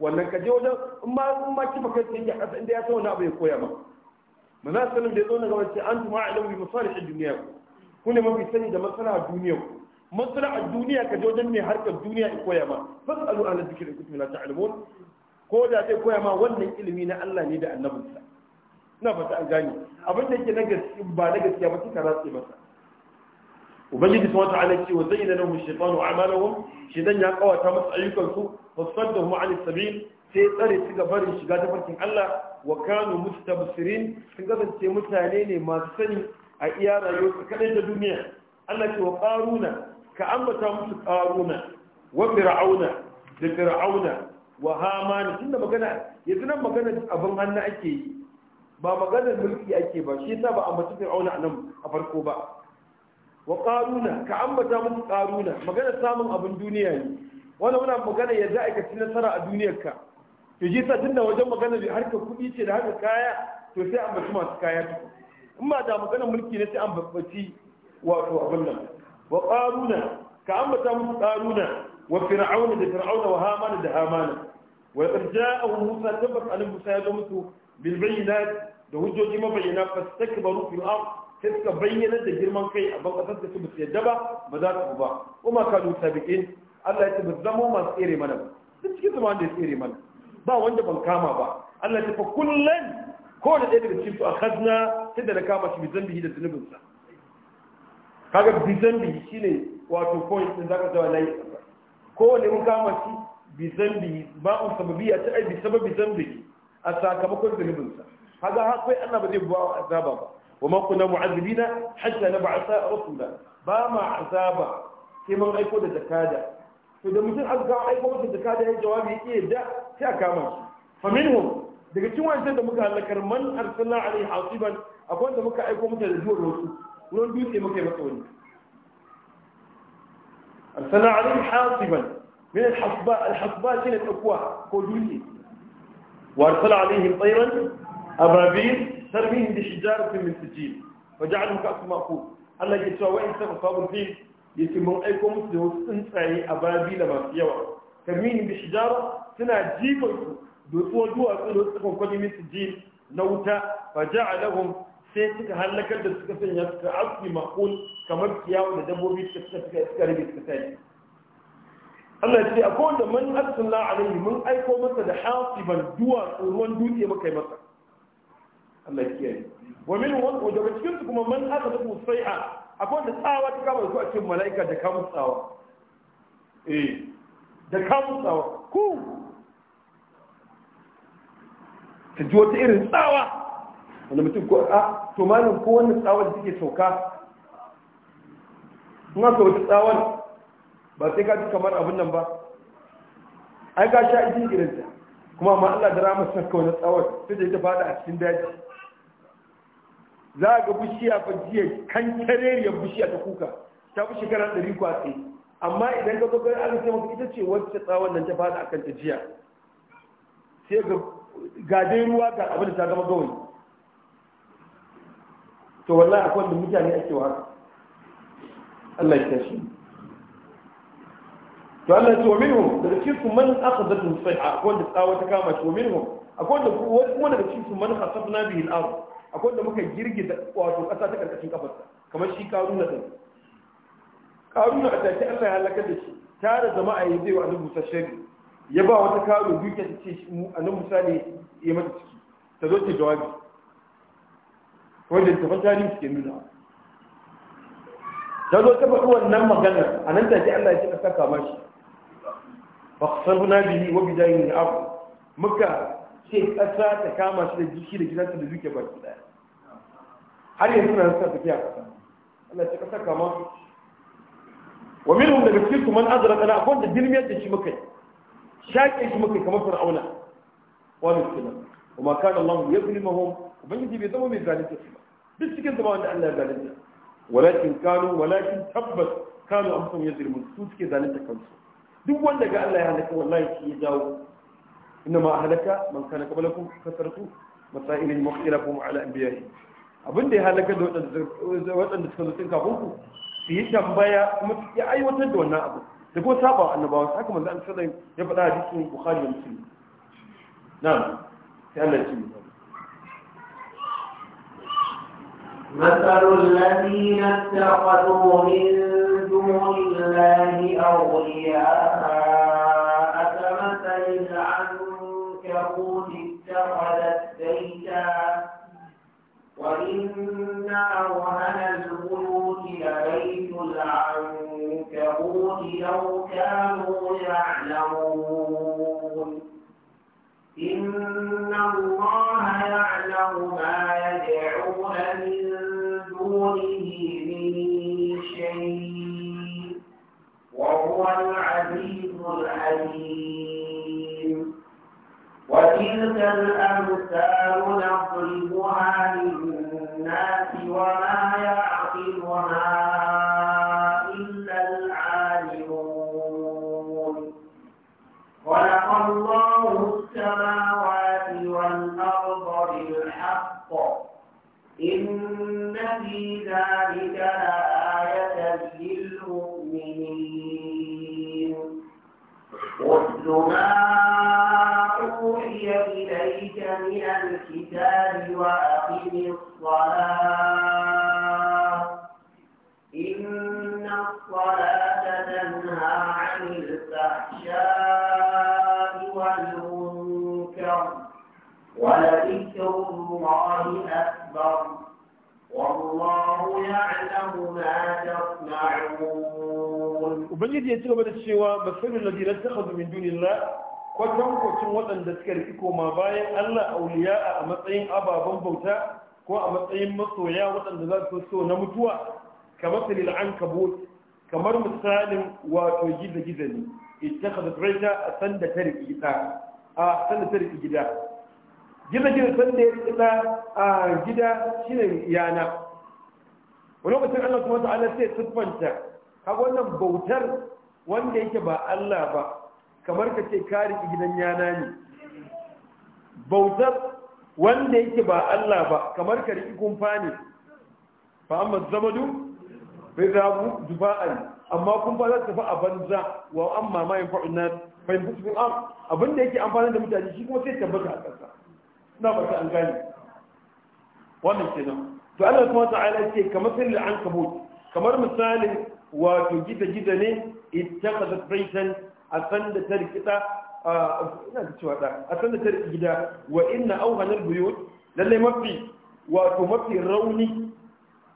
wannan ka je wajen in ma in ma kifa kai yake hasa inda ya san wani abu ya koya ma mana sallam da ya zo na gaban ce antum a'lamu bi masalihid dunya ku ne mafi sani da maslaha duniya masana a duniya ka je wajen mai harkar duniya ya koya ma fasalu ala dhikri in kuntum la ta'lamun ko da zai koya ma wannan ilimi na Allah ne da annabinsa ina fata an gane abin da yake na gaskiya ba na gaskiya ba kika ratse masa ubangiji sun wata ala ce wa zai na nahu shaitanu wa? shaitan ya kawata masu ayyukansu fasadda hum an sabil sai tsare su ga barin shiga ta farkin Allah wa kanu mustabsirin sun kasance mutane ne masu sani a iya rayuwar su kadai da duniya Allah ce wa qaruna ka ambata musu qaruna wa fir'auna da fir'auna wa haman tunda magana yanzu nan magana abin hannu ake yi ba maganar mulki ake ba shi yasa ba a mutu fir'auna nan a farko ba wa ƙaruna ka ambata musu ƙaruna magana samun abin duniya ne wani muna magana ya za a nasara a duniyarka to ji sa tun da wajen magana da harka kuɗi ce da harka kaya to sai ambaci masu kaya tuku in ba da magana mulki ne sai ambaci wato abin nan wa ƙaruna ka ambata musu ƙaruna wa fir'auna da fir'auna wa hamana da hamana wa laqad ja'ahu musa tabbas alim musa ya zo musu bil bayyinat da hujjoji mabayyana fastakbaru fil ard sai suka bayyana da girman kai a ban kasar da su ba su yadda ba ba za su ba kuma kanu sabiqin Allah ya ce ba zama masu tsere mana ba duk cikin zama da ya tsere mana ba wanda ban kama ba Allah ya ce fa kullun ko da ɗaya daga cikin su a hazna, sai da na kama shi bi zambihi da zunubinsa kaga bi zambihi shine wato point din zaka zawa nayi ko ne mun kama shi bi zambihi ba un sababiya ta ai bi sababi zambihi a sakamakon zunubinsa kaga akwai Allah ba zai buwa azaba ba wa ma kunna mu'azzibina hatta nab'atha rasula ba ma azaba sai mun aiko da zakada to da mutum aka kawo aiko masa zakada ya jawabi yake da sai a kama shi fa minhum daga cikin wancan da muka halakar man arsalna alaihi hasiban akwai da muka aiko masa da duwar wasu ruwan dutse muka yi masa wani arsalna alaihi hasiban من الحصباء الحصباء شنو الأكواه كودولي وأرسل عليهم طيرا أبابيل ترميهم بحجارة من سجيل وجعلهم كأس مأكول الله يتوى وإن سأصاب الدين يتمون أيكم مسلم تنسعي أبابيل ما في يوم ترميهم بحجارة سنة جيكم دوسوا جوا أسئلوا سكم كل من سجيل نوتا فجعلهم sai suka halakar da suka sanya suka aski makon kamar ciyawa da dabbobi suka suka suka rabe suka sai Allah ce akwai wanda man arsalna alaihi mun aiko masa da hasiban duwa ruwan dutse makai masa Allah ya kiyaye wa min wa daga cikin su kuma man aka da sai'a akwai wanda tsawa ta kama su a cikin mala'ika da kamun tsawa eh da kamun tsawa ku ta ji wata irin tsawa wanda mutum ko a ah, to malam ko wannan tsawon da take sauka in aka wata tsawon ba sai ka ji kamar abin nan ba ai ka sha irin ta kuma ma Allah da ramar ka wani tsawon sai da ita fada a cikin daji za ga bishiya fa jiya kan kareriyar bishiya ta kuka ta fi shekara ɗari kwatsi amma idan ka zogar an sai maka ita ce wacce tsawon nan ta fada a kan ta jiya sai ga gade ruwa ga abin da ta gama gawai to wallahi akwai wanda mutane ake wa Allah ya tashi to Allah ya ce wa minhum da cikin man aqdatu sai'a akwai wanda tsawo ta kama shi wa minhum akwai da kuma daga cikin su man hasabna bihi al-ard akwai da muka girgiza wato kasa ta karkashin kafarsa kamar shi karuna din karuna a take Allah ya halaka da shi tare da a yi zai wa annabi Musa shari ya ba wata karo dukiya ta ce annabi Musa ne ya mata ciki ta zo ta jawabi wanda ta ni ke nuna ta zo ta faɗi wannan maganar a nan take Allah ya ce ka saka mashi fa khasabna bihi wa bidayin abu muka sai ƙasa ta kama su da jiki da gidansa da duke baki ɗaya har yanzu na suka tafiya ƙasa Allah ce ƙasa kama su wa minhum daga cikin su man azra kana akwai wanda dirmiyar da shi muka shaƙe shi muka yi kamar fir'auna wa miskinan wa ma kana Allah ya zulmahum ubangiji bai zama mai zalunta su ba duk cikin zama wanda Allah ya zalunta walakin kanu walakin tabbas kanu amsum yazlimun su suke zalunta kansu duk wanda ga Allah ya halaka wallahi shi ya jawo إنما أهلك من كان قبلكم كثرة مسائل مختلفهم على أنبيائهم abin da ya halaka da waɗanda suka zo tun kafin ku su yi tambaya kuma su yi aiwatar da wannan abu da kuma saba annabawa haka manzo Allah sallallahu ya faɗa hadisin Bukhari da Muslim na'am sai Allah ya ci مثل الذين اتخذوا من دون الله أولياء كمثل العنب تقول اتخذت بيتا وإن أوهام تلك الأمثال نضربها للناس وما يعقلها إلا العالمون خلق الله السماوات والأرض بالحق إن في ذلك لآية للمؤمنين ما من الكتاب وأقم الصلاة إن الصلاة تنهى عن الفحشاء والمنكر ولذكر الله أكبر والله يعلم ما تصنعون وبنجد يتوبة الشواء الذي لا اتخذوا من دون الله kwatankwacin waɗanda suka riƙi koma bayan Allah auliya a matsayin ababen bauta ko a matsayin masoya waɗanda za su so na mutuwa kamar su an kabot kamar misalin wato gida gida ne ita ka da tsoraita a sanda ta riƙi gida a sanda ta riƙi gida gida gizo sanda ya riƙi a gida ne yana wani lokacin Allah kuma ta'ala sai siffanta kaga wannan bautar wanda yake ba Allah ba kamar ka ce kari riƙi gidan yana ne bautar wanda yake ba Allah ba kamar ka riƙi kumfa ne fa amma zamadu bai zabu duba'an amma kumfa za ta fi a banza wa amma ma yin ina na fahimtar cikin am abin da yake amfani da mutane shi kuma sai tabbata a ƙasa na ba ta an gane wannan kenan to Allah kuma ta'ala ce kamar sirri an kabut kamar misalin wato gida gida ne ittakhadhat baitan a sanda da ta rikita ina da cewa da a sanda da ta rikita gida wa inna auhanal buyut lalle mafi wato mafi rauni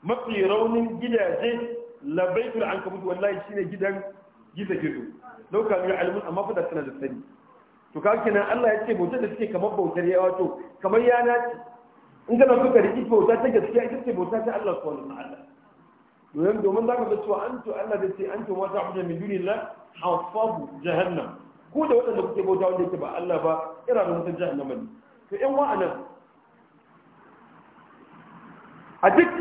mafi raunin gidaje labaitul an kabutu wallahi shine gidan gizo gizo dauka ne alimun amma fa da suna da sani to ka kenan Allah ya ce bautar da suke kamar bautar ya wato kamar yana in kana so ka riki bauta ta gaskiya ita ce bauta ta Allah subhanahu wa ta'ala domin domin za ka ga cewa an to Allah da ce an to wata kuma mai min la hafazu jahannam ko da waɗanda kuke bauta wanda yake ba Allah ba ira da mutan jahannama ne to ƴan wa'anan a duk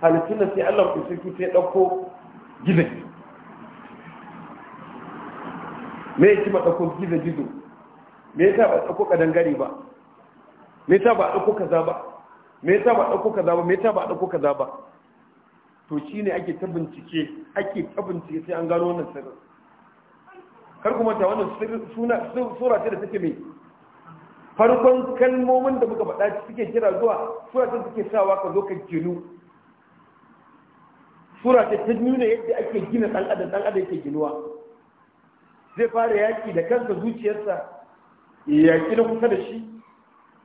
halittun da sai Allah ku sai ku sai ɗauko gizo me yake ba ɗauko gizo gizo me yasa ba ɗauko gari ba me yasa ba ɗauko kaza ba me yasa ba dauko kaza ba me yasa ba ɗauko kaza ba to ne ake ta bincike ake ta bincike sai an gano wannan sirri kar kuma ta wannan suna sura ce da take mai farkon kalmomin da muka faɗa suke kira zuwa sura ce take sawa ka zo ka ginu sura ce ta nuna yadda ake gina ɗan adam ɗan adam yake ginuwa zai fara yaƙi da kansa zuciyarsa ya yaƙi na kusa da shi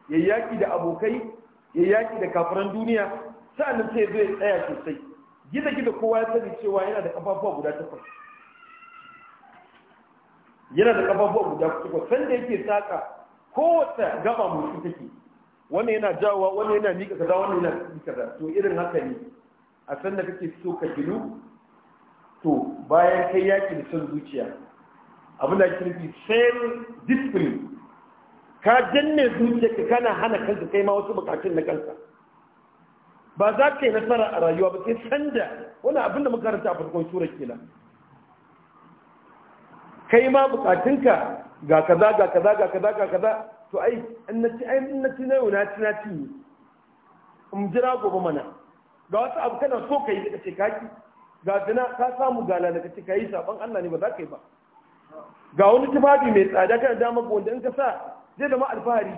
ya yaƙi da abokai ya yaƙi da kafiran duniya sa'annan sai zai tsaya sosai gida gida kowa ya sani cewa yana da kafafuwa guda takwas yana da kafafuwa guda takwas sanda yake saka kowace gaba mutum take wannan yana jawowa wannan yana mika kaza wannan yana mika kaza to irin haka ne a sanda kake so ka gidu to bayan kai yaki da son zuciya abin da ake nufi same discipline ka janne zuciyarka kana hana kanka kai ma wasu bukatun na kansa. ba za ka yi nasara a rayuwa ba sai sanda wani abin da makaranta a farkon sura Ka kai ma bukatunka ga kaza ga kaza ga kaza ga kaza to ai annati ai annati na yau na ci na ci in jira gobe mana ga wasu abu kana so ka yi da ce kaki ga zina ka samu gala da ka yi saban Allah ne ba za ka yi ba ga wani tufafi mai tsada kana damar maka wanda in ka sa zai zama alfahari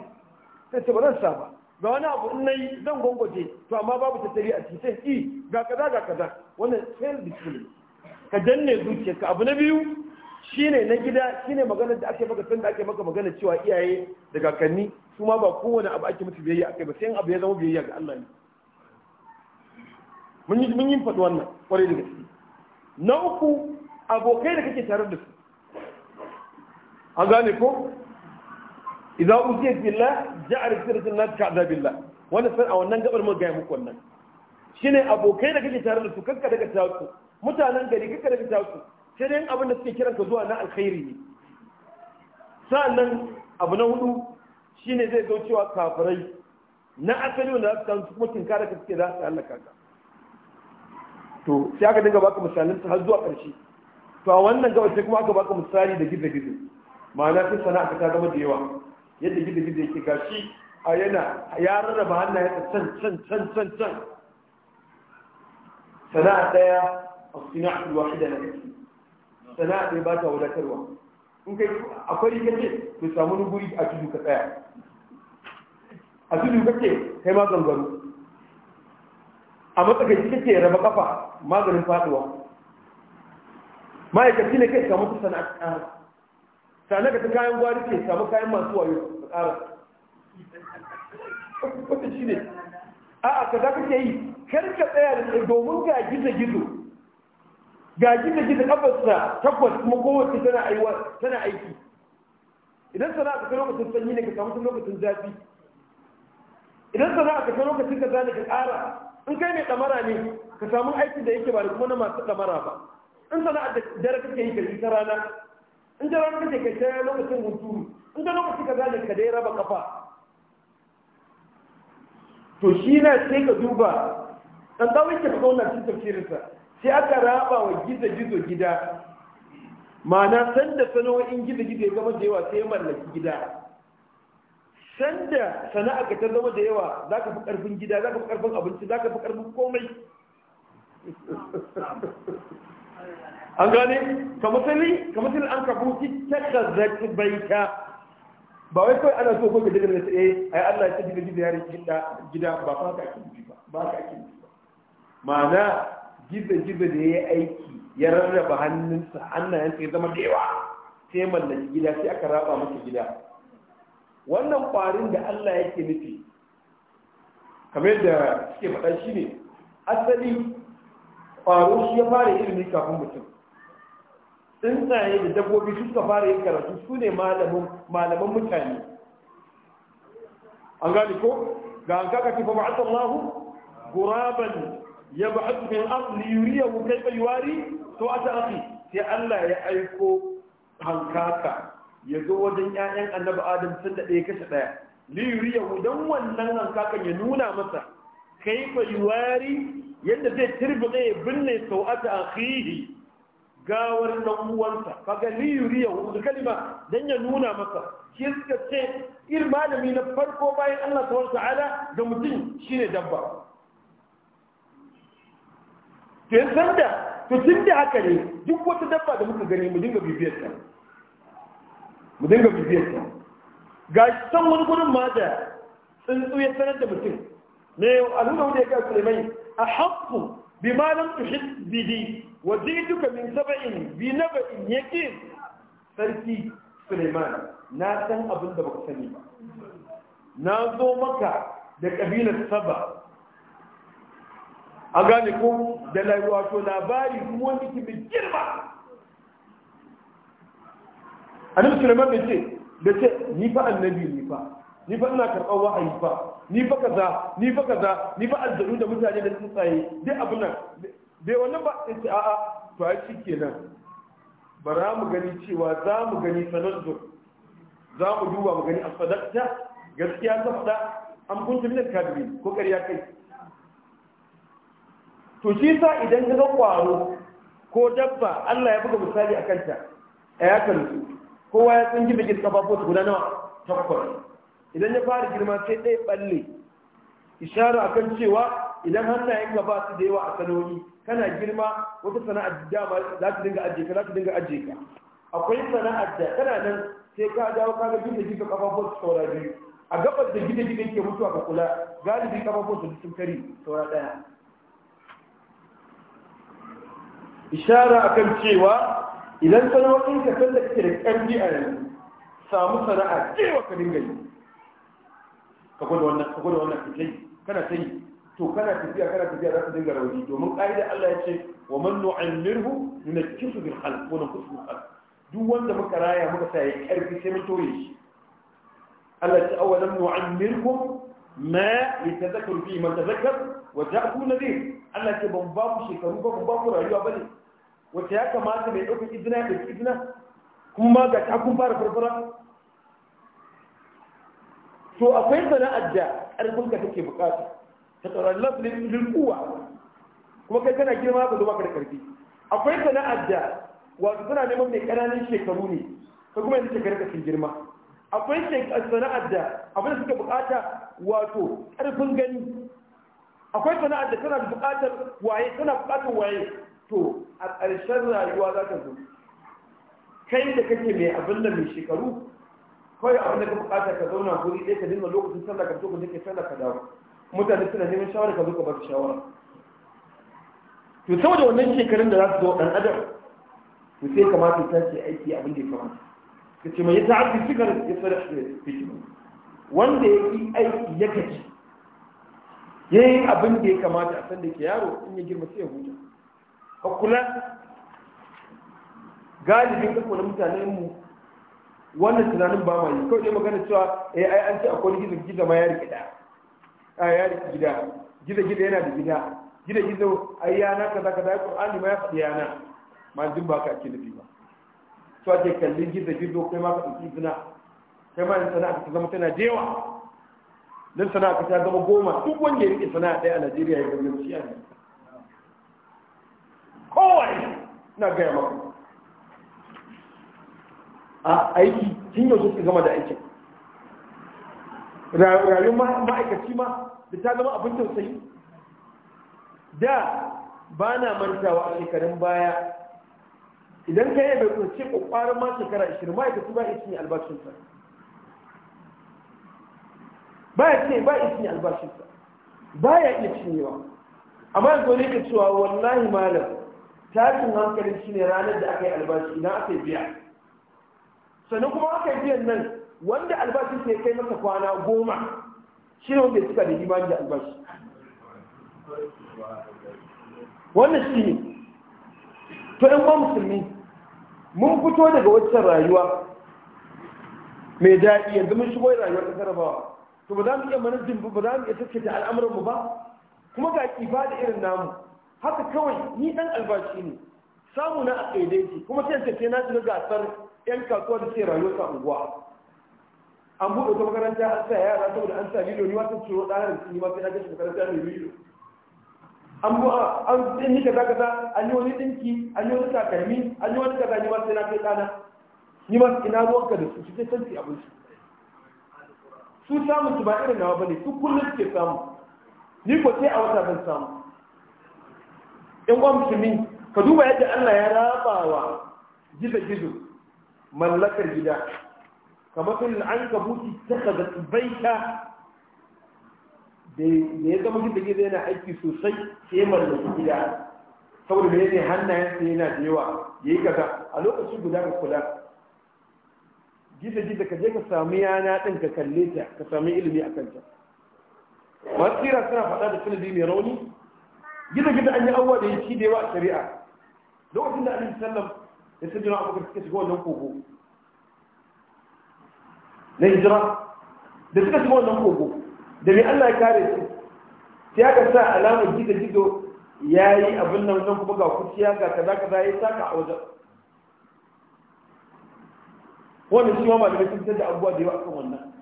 sai ce ba zan sa ba ga wani abu in nayi zan gwangwaje to amma babu tattali a cikin i ga kaza ga kaza wannan the discipline ka danne zuciyarka abu na biyu shine na gida shine magana da ake maka da ake maka magana cewa iyaye da kakanni su ma ba kowane abu ake musu biyayya akai ba sai abu ya zama biyayya ga Allah ne mun yi mun yi faɗi wannan kwarai da gaske na uku abokai da kake tare da su an gane ko idza usiyat billah ja'al sirrun nas ka'dabillah wannan san a wannan gabar mun gaya muku wannan shine abokai da kake tare da su kanka daga tasu mutanen gari kanka daga tasu sai dai abin da suke kiranka zuwa na alkhairi ne sa'annan abu na hudu shine zai zo cewa kafirai na asali wanda za su kan kuma tinkara ka suke za su halaka ka to sai aka dinga baka misalin su har zuwa ƙarshe to a wannan gaba sai kuma aka baka misali da gizo gizo ma'ana sai sana'a ta zama da yawa yadda gida gida yake gashi a yana ya rarraba ya tsan can can can can sana'a daya a sina'atul wahida na kake sana'a daya ba ta wadatarwa in kai akwai kace ku samu guri a tudu ka tsaya a tudu kake kai ma gangaro a matsakaici kake raba kafa maganin faduwa ma'aikaci ne kai samu sana'ar tare ka ta kayan gwari ke samu kayan masu wayo ka tsara wata shi ne a'a aka za ka ke yi karka tsaya da domin ga gizo-gizo ga gizo-gizo kafarsa takwas kuma kowace tana aiwa tana aiki idan sana ka lokacin sanyi ne ka samu tun lokacin zafi idan sana ka kano lokacin ka zane ka tsara, in kai mai tsamara ne ka samu aiki da yake ba da kuma na masu tsamara ba in sana da dare kake yi ka yi ta rana in da wani kake ke tsaye lokacin hunturu in da lokaci ka gane ka dai raba kafa to shi na sai ka duba dan dawo yake ka zauna cikin tafsirinsa sai aka raba wa gizo gizo gida ma'ana sanda sana'o'in gizo gizo ya zama da yawa sai mallaki gida sanda sana'a ka ta zama da yawa za ka fi karfin gida za ka fi karfin abinci za ka fi karfin komai an gane ka kamasali an zaki bai ka ba wai kai ana so ko ka daga da eh ai Allah ya tabbata da yare gida gida ba fa ka ake ba ba ka ake ba ma'ana gida gida da yayi aiki ya rarraba hannunsa hannayen sai zama da yawa sai mallaki gida sai aka raba masa gida wannan kwarin da Allah yake nufi kamar da suke faɗa shine asali kwaro shi ya fara ilimi kafin mutum tsuntsaye da dabbobi suka fara yin karatu su ne malaman mutane an gani ko ga an kaka kifa ba'ata Allah guraban ya ba'atu min ard li kai bai wari to ta afi sai Allah ya aiko hankaka ya zo wajen 'ya'yan annabi Adam sun da ɗaya kashe ɗaya li mu dan wannan hankakan ya nuna masa bai wari yadda zai ɗaya binne sau'ata akhihi gawar dan uwansa kaga li yuriya wa kalima dan ya nuna masa shi suka ce ir malami na farko bayan Allah subhanahu ala ga mutum shine dabba ke da to tun da haka ne duk wata dabba da muka gani mu dinga bibiyar ta mu dinga bibiyar ta ga san wani gurin ma da tsuntsu ya sanar da mutum ne al'umma wanda ya ga Sulaiman a haqqu بما لم تحد به وزيدك من سبع بنبأ يكين سركي سليمان ناسن أبن دبك سليما نازو da ƙabilar Saba. a gane ko da wato labari kuma wanda ke mai girma annabi Suleiman bai ce da ce ni fa annabi ni fa ni fa ina karɓar wahayi fa ni fa kaza ni fa kaza ni fa aljanu da mutane da tsuntsaye dai abu nan bai wannan ba in ce a'a to ai nan. bara mu gani cewa za mu gani sanaddu za mu duba mu gani asadakta gaskiya ta fada an kunta min kadiri ko ƙarya kai to shi sa idan ka ga kwaro ko dabba Allah ya buga misali a kanta a yakan su kowa ya san gibigin kafafu guda nawa takwas idan ya fara girma sai ɗaya balle ishara akan cewa idan hannayen ka ba su da yawa a sanoni kana girma wata sana'ar dama za ta dinga ajiye ka za ta dinga ajiye ka akwai sana'ar da kana nan sai ka dawo ka ga gida gida kafafun su saura biyu a gabar da gida gida ke mutuwa ka kula galibi kafafun su sun kari saura ɗaya ishara akan cewa idan sana'o'in ka san da da ƙarfi a yanzu samu sana'a cewa ka dinga yi ka gwada wannan ka gwada wannan ka kai kana ta yi to kana tafiya kana tafiya za ka dinga rauni domin ƙa'idar Allah ya ce wa man nu'ammirhu nunakkisu bil khalq wa nunqisu bil khalq duk wanda muka raya muka sa ya karfi sai mu toye shi Allah ta awalam nu'ammirhum ma yatazakkaru fi man tazakkar wa ja'u nadhir Allah ce ban ba ku shekaru ba ban ba ku rayuwa bane wata ya kamata mai ɗaukar izina da izina kuma ga ta kun fara farfara to akwai sana'ar da ƙarfin ka take bukata ta tsoron lafin lilkuwa kuma kai kana girma ka zuwa da karfi akwai sana'ar da wato tana neman mai ƙananan shekaru ne ka kuma yanzu shekaru kafin girma akwai sana'ar da abin da suka bukata wato ƙarfin gani akwai sana'ar da tana bukatar waye tana bukatar waye to a ƙarshen rayuwa za ka zo kai da kake mai abin da mai shekaru kawai abin da ka bukata ka zauna guri ɗaya ka dinga lokacin sallah ka tuka nake sallah ka dawo mutane suna neman shawara ka zo ka ba su shawara to saboda wannan shekarun da za su zo ɗan adam to sai kamata ta ce aiki abin da ya kamata ka ce mai ya ta'addi sigar ya fara fitima wanda ya yi aiki ya gaji ya yi abin da ya kamata a san da ke yaro in ya girma sai ya huta ka kula galibin kakwa mutanen mutanenmu wannan tunanin ba mai yi kawai dai magana cewa eh ai an ce akwai gizo gizo ma ya rike da a ya rike gida gizo gizo yana da gida gizo gizo ai na kaza kaza Qur'ani ma ya faɗi yana ma jin ba ka ake nufi ba to ake kallin gizo gizo kai ma ka ɗauki zina kai ma yin sana'a ka zama tana dewa. dan sana'a ka ta zama goma duk wanda ya rike sana'a ɗaya a Najeriya ya gaggaci a Kowai kowane na gaya maka a aiki tun yau suka gama da aikin rayu ma'aikaci ma da ta zama abin tausayi da ba na mantawa a shekarun baya idan ka yi bai kurce kwakwarin ma shekara 20 ma'aikaci ba ne albashinsa ba ya ce ba ne albashinsa ba ya iya cinyewa amma yanzu ne ka cewa wallahi malam tashin hankalin shi ne ranar da aka yi albashi idan aka yi biya sannan kuma aka yi biyan nan wanda albashi ya kai masa kwana goma shi ne wanda suka da imani da albashi wannan shi ne to 'yan ba musulmi mun fito daga waccan rayuwa mai daɗi yanzu mun shigo rayuwar ta jarabawa to ba za mu iya manajin ba ba za mu iya tattata al'amuranmu ba kuma ga da irin namu haka kawai ni ɗan albashi ne samu na a ƙaidaiti kuma sai tafiye na ga gasar yan kasuwa da suke rayuwar sa unguwa an buɗe ta makaranta an sa yara saboda an sa miliyoni wata ma sun ciro ɗanar sun yi ma sai na makaranta mai miliyo an bu an ɗin ni kaza kaza an yi wani ɗinki an yi wani takalmi an yi wani kaza ni ma sai na kai ɗana ni ma ina ka da su su sai canci abinci su samun su ba irin nawa bane su kullum suke samu ni ko sai a wata ban samu in uwan musulmi ka duba yadda Allah ya raba wa gizo gizo mallakar gida kamar sun an kabuti taka da baita da ya zama gida gida yana aiki sosai sai mallaki gida saboda mai ne hannayensa yana da yawa ya yi kaza a lokacin guda ka kula gida gida ka je ka sami yana ɗin ka kalle ta ka sami ilimi a kanta masu tsira suna faɗa da sanadi mai rauni gida gida an yi abuwa da ya ci da yawa a shari'a lokacin da alaihi sallam da su jina abokan suka shiga wannan kogo na hijira da suka shiga wannan kogo da mai allah ya kare su sai aka sa alamar gizo gizo ya yi abin nan nan kuma ga kuciya ga kaza kaza ya saka a wajen wannan shi ma malamai sun da abubuwa da yawa akan wannan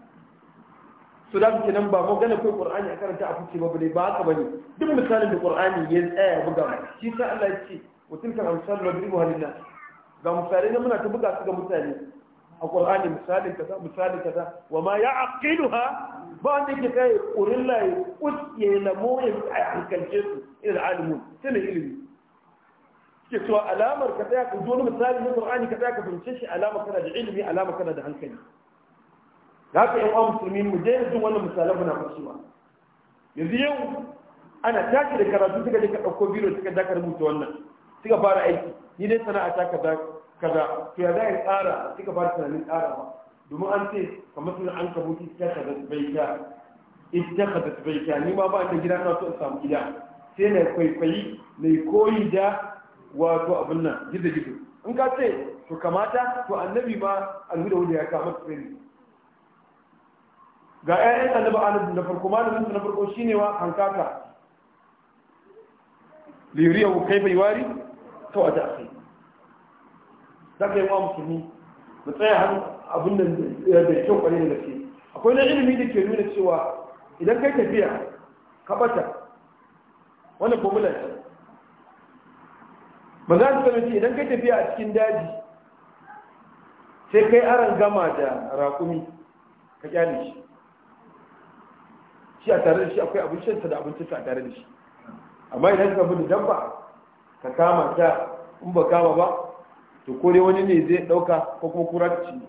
su da suke nan ba magana kai qur'ani a karanta a fice ba bane ba haka bane duk misalin da ƙur'ani ya a buga shi sa Allah ya ce wa tilka amsalu nadribuha lin nas ga misalai na muna ta buga su ga mutane a ƙwar'ani misalin kaza misalin kaza wa ma ya aqilu ha ba wanda yake kai urilla ya kus ya lamo ya hankalce su ila alimu sai ne ilimi ke cewa alamar ka tsaya ka zo misali na ƙwar'ani ka tsaya ka fahimce shi alamar kana da ilimi alamar kana da hankali da ka yi uwa musulmi mu je yanzu wannan misalan muna fashewa yanzu yau ana tashi da karatu suka je ka ɗauko biro suka daka rubuta wannan suka fara aiki ni dai sana'a ta ka kaza kaza to ya za ya tsara cika ba tunanin tsara ba domin an ce kamar suna an kabuti ta kaza bai ta ita kaza bai ta ni ma ba ta gida ka so in samu gida sai na kwaikwayi na koyi da wato abin nan gida gida in ka ce to kamata to annabi ma alhuda wanda ya kama ne ga 'ya'yan annabi annabi na farko malamin na farko shine wa hankaka wari, kaifa yuwari sawata akhi zaka yi wa musulmi mu tsaya hannu abin da da kyau kwarai da gaske akwai na ilimi da ke nuna cewa idan kai tafiya ka bata wannan formula ce ba za su ce idan kai tafiya a cikin daji sai kai aran gama da raƙumi ka kyale shi shi a tare da shi akwai shanta da abincinsa a tare da shi amma idan ka bi da dabba ka kama ta in ba kama ba to ko dai wani ne zai dauka ko kuma kura ci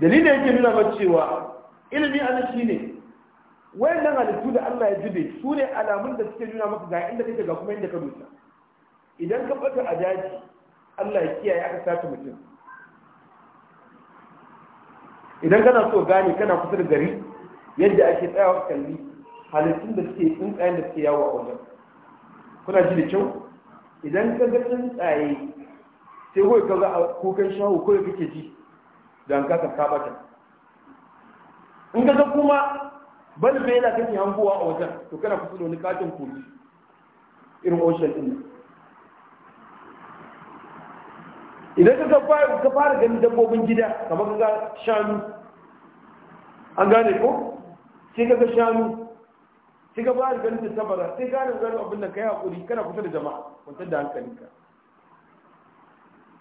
dalilin yake nuna ba cewa ilimi a shi ne wayannan halittu da Allah ya jibe su ne alamun da suke nuna maka ga inda kake ga kuma inda ka dosa idan ka fata a daji Allah ya kiyaye aka sace mutum idan kana so gane kana kusa da gari yadda ake tsayawa kalli halittun da suke tsayin da suke yawo a wajen kuna ji da kyau idan ka ga tsuntsaye sai kawai ka ga kukan shahu kawai kake ji da an kasa kabata in ka ga kuma balbe yana kake hangowa a wajen to kana kusa da wani katin kogi irin ocean din idan ka fara ka fara ganin dabbobin gida kamar ka ga shanu an gane ko sai ka ga shanu sai ka fara ganin tattabara sai ka gane ganin abin da yi haƙuri kana kusa da jama'a kwantar da hankalinka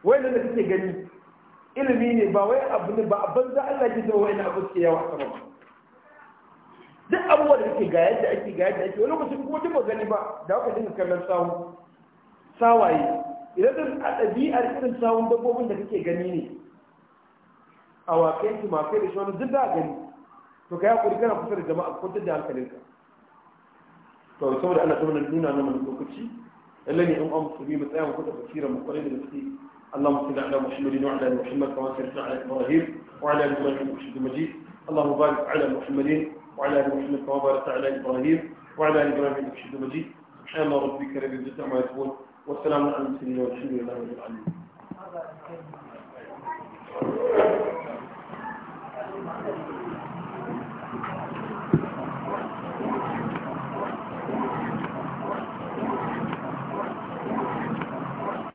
wai da kake gani ilimi ne ba wai abu ne ba abin da Allah ke zama wayannan abu suke yawa sama ba duk abubuwa da kake ga yadda ake ga yadda ake wani lokacin kuma duk gani ba da haka dinga kallon sawu sawaye idan a ɗabi'ar irin sawun dabbobin da kake gani ne a waƙen su mafi da shawar duk da gani to ka yi hakuri kana kusa da jama'a ko duk da hankalinka to saboda ana saboda nuna mana lokaci lallai ne in an musulmi mu tsaya mu kuɗa basirar mu kwarai da gaske اللهم صل على محمد وعلى ال محمد كما صليت على ابراهيم وعلى ال ابراهيم انك مجيد اللهم بارك على محمد وعلى ال محمد كما باركت على ابراهيم وعلى ال ابراهيم انك مجيد سبحان ربك رب العزه عما يصفون والسلام على المرسلين والحمد لله رب العالمين